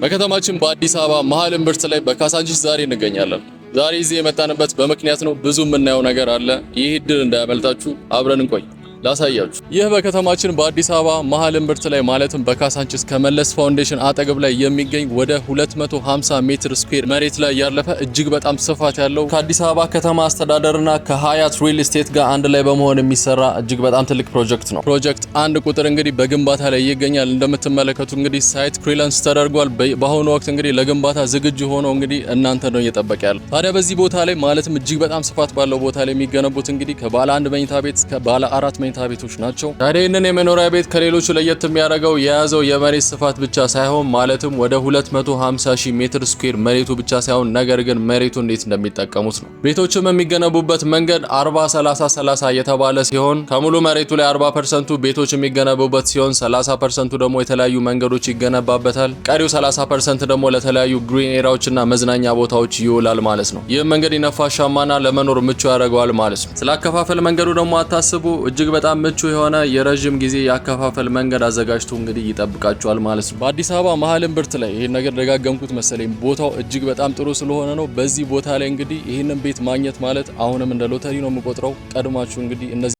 በከተማችን በአዲስ አበባ መሀል እምብርት ላይ በካሳንቺስ ዛሬ እንገኛለን። ዛሬ እዚህ የመጣንበት በምክንያት ነው። ብዙ የምናየው ነገር አለ። ይህ እድል እንዳያመልጣችሁ፣ አብረን እንቆይ። ላሳያችሁ። ይህ በከተማችን በአዲስ አበባ መሀል እምብርት ላይ ማለትም በካሳንችስ ከመለስ ፋውንዴሽን አጠገብ ላይ የሚገኝ ወደ 250 ሜትር ስኩዌር መሬት ላይ ያለፈ እጅግ በጣም ስፋት ያለው ከአዲስ አበባ ከተማ አስተዳደርና ከሀያት ሪል ስቴት ጋር አንድ ላይ በመሆን የሚሰራ እጅግ በጣም ትልቅ ፕሮጀክት ነው። ፕሮጀክት አንድ ቁጥር እንግዲህ በግንባታ ላይ ይገኛል። እንደምትመለከቱ እንግዲህ ሳይት ክሊራንስ ተደርጓል። በአሁኑ ወቅት እንግዲህ ለግንባታ ዝግጁ ሆኖ እንግዲህ እናንተ ነው እየጠበቀ ያለው። ታዲያ በዚህ ቦታ ላይ ማለትም እጅግ በጣም ስፋት ባለው ቦታ ላይ የሚገነቡት እንግዲህ ከባለ አንድ መኝታ ቤት ከባለ አራት መኝታ ቤቶች ናቸው። ታዲያ ይህንን የመኖሪያ ቤት ከሌሎቹ ለየት የሚያደርገው የያዘው የመሬት ስፋት ብቻ ሳይሆን ማለትም ወደ 250 ሺህ ሜትር ስኩዌር መሬቱ ብቻ ሳይሆን ነገር ግን መሬቱ እንዴት እንደሚጠቀሙት ነው። ቤቶችም የሚገነቡበት መንገድ 40 30 30 የተባለ ሲሆን ከሙሉ መሬቱ ላይ 40 ፐርሰንቱ ቤቶች የሚገነቡበት ሲሆን 30 ፐርሰንቱ ደግሞ የተለያዩ መንገዶች ይገነባበታል። ቀሪው 30 ፐርሰንት ደግሞ ለተለያዩ ግሪን ኤራዎችና መዝናኛ ቦታዎች ይውላል ማለት ነው። ይህም መንገድ ነፋሻማና ለመኖር ምቹ ያደርገዋል ማለት ነው። ስለ አከፋፈል መንገዱ ደግሞ አታስቡ እጅግ በጣም ምቹ የሆነ የረዥም ጊዜ የአከፋፈል መንገድ አዘጋጅቶ እንግዲህ ይጠብቃቸዋል ማለት ነው። በአዲስ አበባ መሀል እምብርት ላይ ይህን ነገር ደጋገምኩት መሰለኝ። ቦታው እጅግ በጣም ጥሩ ስለሆነ ነው። በዚህ ቦታ ላይ እንግዲህ ይህንን ቤት ማግኘት ማለት አሁንም እንደ ሎተሪ ነው የምቆጥረው። ቀድማችሁ እንግዲህ